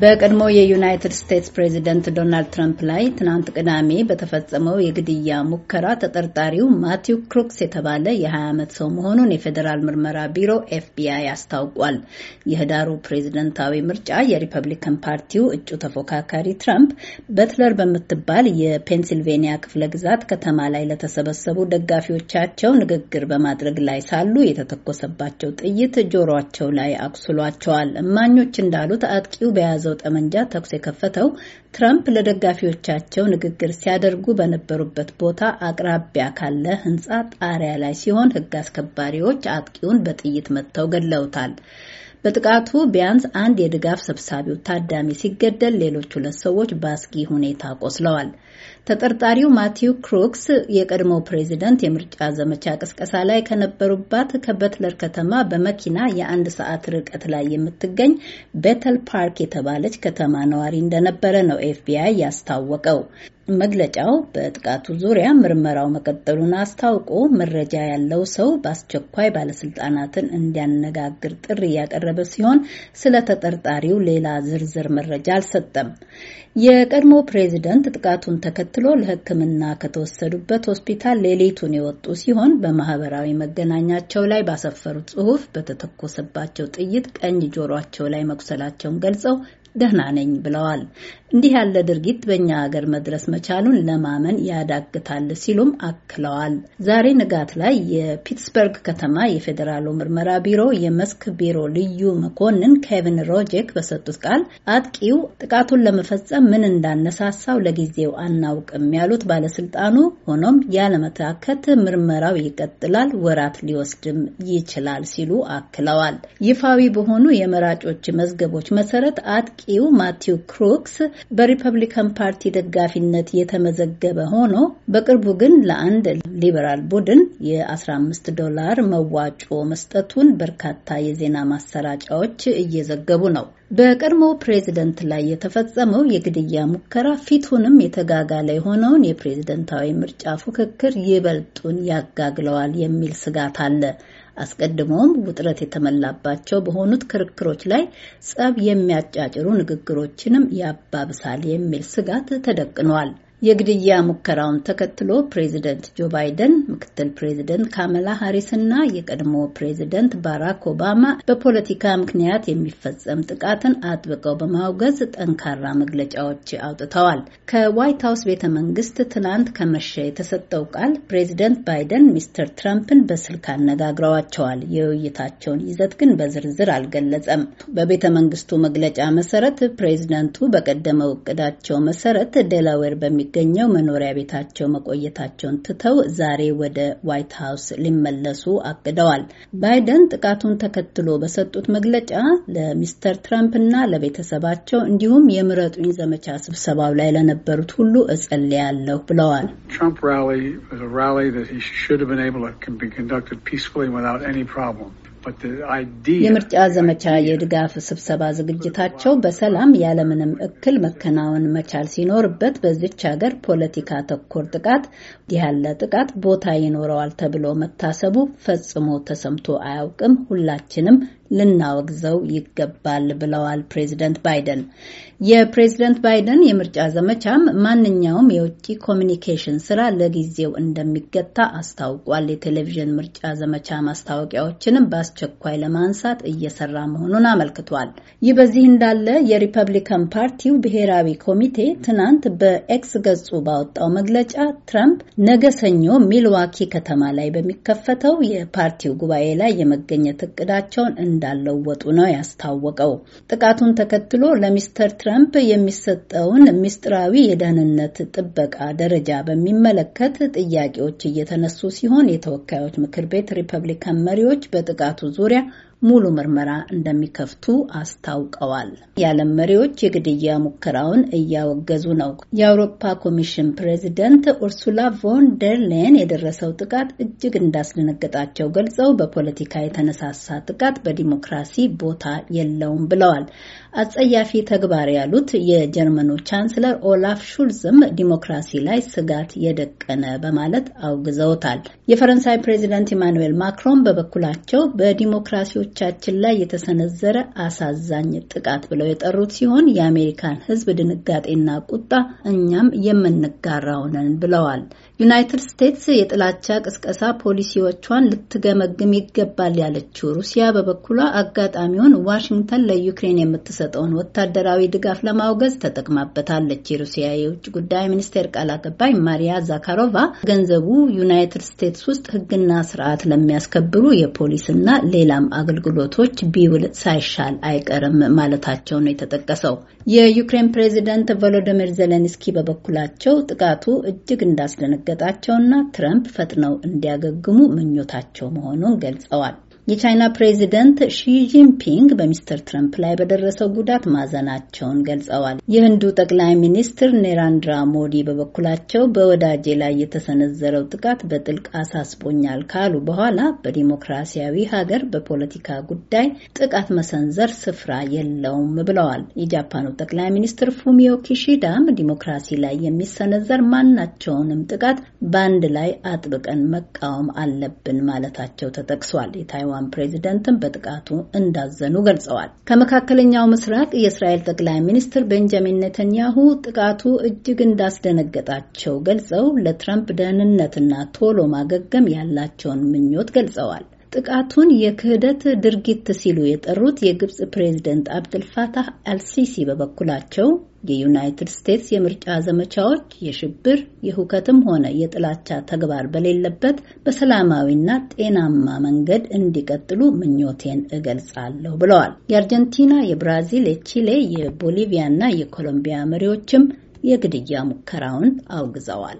በቀድሞ የዩናይትድ ስቴትስ ፕሬዚደንት ዶናልድ ትራምፕ ላይ ትናንት ቅዳሜ በተፈጸመው የግድያ ሙከራ ተጠርጣሪው ማቲው ክሩክስ የተባለ የ20 ዓመት ሰው መሆኑን የፌዴራል ምርመራ ቢሮ ኤፍቢአይ አስታውቋል። የህዳሩ ፕሬዚደንታዊ ምርጫ የሪፐብሊካን ፓርቲው እጩ ተፎካካሪ ትራምፕ በትለር በምትባል የፔንሲልቬኒያ ክፍለ ግዛት ከተማ ላይ ለተሰበሰቡ ደጋፊዎቻቸው ንግግር በማድረግ ላይ ሳሉ የተተኮሰባቸው ጥይት ጆሮቸው ላይ አቁስሏቸዋል። እማኞች እንዳሉት አጥቂው በያ በያዘው ጠመንጃ ተኩስ የከፈተው ትራምፕ ለደጋፊዎቻቸው ንግግር ሲያደርጉ በነበሩበት ቦታ አቅራቢያ ካለ ሕንፃ ጣሪያ ላይ ሲሆን ሕግ አስከባሪዎች አጥቂውን በጥይት መትተው ገድለውታል። በጥቃቱ ቢያንስ አንድ የድጋፍ ሰብሳቢው ታዳሚ ሲገደል ሌሎች ሁለት ሰዎች በአስጊ ሁኔታ ቆስለዋል። ተጠርጣሪው ማቲው ክሩክስ የቀድሞው ፕሬዚደንት የምርጫ ዘመቻ ቅስቀሳ ላይ ከነበሩባት ከበትለር ከተማ በመኪና የአንድ ሰዓት ርቀት ላይ የምትገኝ ቤተል ፓርክ የተባለች ከተማ ነዋሪ እንደነበረ ነው ኤፍቢአይ ያስታወቀው። መግለጫው በጥቃቱ ዙሪያ ምርመራው መቀጠሉን አስታውቆ መረጃ ያለው ሰው በአስቸኳይ ባለስልጣናትን እንዲያነጋግር ጥሪ ያቀረበ ሲሆን ስለ ተጠርጣሪው ሌላ ዝርዝር መረጃ አልሰጠም። የቀድሞ ፕሬዚደንት ጥቃቱን ተከትሎ ለሕክምና ከተወሰዱበት ሆስፒታል ሌሊቱን የወጡ ሲሆን በማህበራዊ መገናኛቸው ላይ ባሰፈሩት ጽሁፍ በተተኮሰባቸው ጥይት ቀኝ ጆሯቸው ላይ መቁሰላቸውን ገልጸው ደህና ነኝ ብለዋል። እንዲህ ያለ ድርጊት በእኛ ሀገር መድረስ መቻሉን ለማመን ያዳግታል ሲሉም አክለዋል። ዛሬ ንጋት ላይ የፒትስበርግ ከተማ የፌዴራሉ ምርመራ ቢሮ የመስክ ቢሮ ልዩ መኮንን ኬቪን ሮጄክ በሰጡት ቃል አጥቂው ጥቃቱን ለመፈጸም ምን እንዳነሳሳው ለጊዜው አናውቅም ያሉት ባለስልጣኑ፣ ሆኖም ያለመታከት ምርመራው ይቀጥላል፣ ወራት ሊወስድም ይችላል ሲሉ አክለዋል። ይፋዊ በሆኑ የመራጮች መዝገቦች መሰረት አጥቂው ማቲው ክሩክስ በሪፐብሊካን ፓርቲ ደጋፊነት የተመዘገበ ሆኖ በቅርቡ ግን ለአንድ ሊበራል ቡድን የ15 ዶላር መዋጮ መስጠቱን በርካታ የዜና ማሰራጫዎች እየዘገቡ ነው። በቀድሞ ፕሬዝደንት ላይ የተፈጸመው የግድያ ሙከራ ፊቱንም የተጋጋለ የሆነውን የፕሬዝደንታዊ ምርጫ ፉክክር ይበልጡን ያጋግለዋል የሚል ስጋት አለ። አስቀድሞም ውጥረት የተመላባቸው በሆኑት ክርክሮች ላይ ጸብ የሚያጫጭሩ ንግግሮችንም ያባብሳል የሚል ስጋት ተደቅኗል። የግድያ ሙከራውን ተከትሎ ፕሬዚደንት ጆ ባይደን፣ ምክትል ፕሬዚደንት ካመላ ሃሪስ እና የቀድሞ ፕሬዚደንት ባራክ ኦባማ በፖለቲካ ምክንያት የሚፈጸም ጥቃትን አጥብቀው በማውገዝ ጠንካራ መግለጫዎች አውጥተዋል። ከዋይት ሀውስ ቤተ መንግስት ትናንት ከመሸ የተሰጠው ቃል ፕሬዚደንት ባይደን ሚስተር ትራምፕን በስልክ አነጋግረዋቸዋል። የውይይታቸውን ይዘት ግን በዝርዝር አልገለጸም። በቤተ መንግስቱ መግለጫ መሰረት ፕሬዚደንቱ በቀደመው እቅዳቸው መሰረት ዴላዌር በሚ በሚገኘው መኖሪያ ቤታቸው መቆየታቸውን ትተው ዛሬ ወደ ዋይት ሀውስ ሊመለሱ አቅደዋል። ባይደን ጥቃቱን ተከትሎ በሰጡት መግለጫ ለሚስተር ትራምፕ እና ለቤተሰባቸው እንዲሁም የምረጡኝ ዘመቻ ስብሰባው ላይ ለነበሩት ሁሉ እጸልያለሁ ብለዋል። ትራምፕ ራሊ የምርጫ ዘመቻ የድጋፍ ስብሰባ ዝግጅታቸው በሰላም ያለምንም እክል መከናወን መቻል ሲኖርበት በዚች ሀገር ፖለቲካ ተኮር ጥቃት ያለ ጥቃት ቦታ ይኖረዋል ተብሎ መታሰቡ ፈጽሞ ተሰምቶ አያውቅም። ሁላችንም ልናወግዘው ይገባል ብለዋል ፕሬዚደንት ባይደን። የፕሬዚደንት ባይደን የምርጫ ዘመቻም ማንኛውም የውጭ ኮሚኒኬሽን ስራ ለጊዜው እንደሚገታ አስታውቋል። የቴሌቪዥን ምርጫ ዘመቻ ማስታወቂያዎችንም በአስቸኳይ ለማንሳት እየሰራ መሆኑን አመልክቷል። ይህ በዚህ እንዳለ የሪፐብሊካን ፓርቲው ብሔራዊ ኮሚቴ ትናንት በኤክስ ገጹ ባወጣው መግለጫ ትራምፕ ነገ ሰኞ ሚልዋኪ ከተማ ላይ በሚከፈተው የፓርቲው ጉባኤ ላይ የመገኘት እቅዳቸውን እንዳለወጡ ነው ያስታወቀው። ጥቃቱን ተከትሎ ለሚስተር ትራምፕ የሚሰጠውን ሚስጥራዊ የደህንነት ጥበቃ ደረጃ በሚመለከት ጥያቄዎች እየተነሱ ሲሆን የተወካዮች ምክር ቤት ሪፐብሊካን መሪዎች በጥቃቱ ዙሪያ ሙሉ ምርመራ እንደሚከፍቱ አስታውቀዋል። የዓለም መሪዎች የግድያ ሙከራውን እያወገዙ ነው። የአውሮፓ ኮሚሽን ፕሬዚደንት ኡርሱላ ቮን ደር ሌን የደረሰው ጥቃት እጅግ እንዳስደነገጣቸው ገልጸው በፖለቲካ የተነሳሳ ጥቃት በዲሞክራሲ ቦታ የለውም ብለዋል። አጸያፊ ተግባር ያሉት የጀርመኑ ቻንስለር ኦላፍ ሹልዝም ዲሞክራሲ ላይ ስጋት የደቀነ በማለት አውግዘውታል። የፈረንሳይ ፕሬዚደንት ኢማኑዌል ማክሮን በበኩላቸው በዲሞክራሲ በመሪዎቻችን ላይ የተሰነዘረ አሳዛኝ ጥቃት ብለው የጠሩት ሲሆን የአሜሪካን ሕዝብ ድንጋጤና ቁጣ እኛም የምንጋራው ነን ብለዋል። ዩናይትድ ስቴትስ የጥላቻ ቅስቀሳ ፖሊሲዎቿን ልትገመግም ይገባል ያለችው ሩሲያ በበኩሏ አጋጣሚውን ዋሽንግተን ለዩክሬን የምትሰጠውን ወታደራዊ ድጋፍ ለማውገዝ ተጠቅማበታለች። የሩሲያ የውጭ ጉዳይ ሚኒስቴር ቃል አቀባይ ማሪያ ዛካሮቫ ገንዘቡ ዩናይትድ ስቴትስ ውስጥ ሕግና ስርዓት ለሚያስከብሩ የፖሊስና ሌላም አገልግሎቶች ቢውል ሳይሻል አይቀርም ማለታቸው ነው የተጠቀሰው። የዩክሬን ፕሬዚደንት ቮሎዲሚር ዜሌንስኪ በበኩላቸው ጥቃቱ እጅግ እንዳስደነገ ማረጋገጣቸውና ትረምፕ ፈጥነው እንዲያገግሙ ምኞታቸው መሆኑን ገልጸዋል። የቻይና ፕሬዚደንት ሺጂንፒንግ በሚስተር ትረምፕ ላይ በደረሰው ጉዳት ማዘናቸውን ገልጸዋል። የህንዱ ጠቅላይ ሚኒስትር ኔራንድራ ሞዲ በበኩላቸው በወዳጄ ላይ የተሰነዘረው ጥቃት በጥልቅ አሳስቦኛል ካሉ በኋላ በዲሞክራሲያዊ ሀገር በፖለቲካ ጉዳይ ጥቃት መሰንዘር ስፍራ የለውም ብለዋል። የጃፓኑ ጠቅላይ ሚኒስትር ፉሚዮ ኪሺዳም ዲሞክራሲ ላይ የሚሰነዘር ማናቸውንም ጥቃት በአንድ ላይ አጥብቀን መቃወም አለብን ማለታቸው ተጠቅሷል። የኦባማን ፕሬዚደንትን በጥቃቱ እንዳዘኑ ገልጸዋል። ከመካከለኛው ምስራቅ የእስራኤል ጠቅላይ ሚኒስትር ቤንጃሚን ኔተንያሁ ጥቃቱ እጅግ እንዳስደነገጣቸው ገልጸው ለትራምፕ ደህንነትና ቶሎ ማገገም ያላቸውን ምኞት ገልጸዋል። ጥቃቱን የክህደት ድርጊት ሲሉ የጠሩት የግብፅ ፕሬዝደንት አብድልፋታህ አልሲሲ በበኩላቸው የዩናይትድ ስቴትስ የምርጫ ዘመቻዎች የሽብር የሁከትም ሆነ የጥላቻ ተግባር በሌለበት በሰላማዊና ጤናማ መንገድ እንዲቀጥሉ ምኞቴን እገልጻለሁ ብለዋል። የአርጀንቲና፣ የብራዚል፣ የቺሌ፣ የቦሊቪያና የኮሎምቢያ መሪዎችም የግድያ ሙከራውን አውግዘዋል።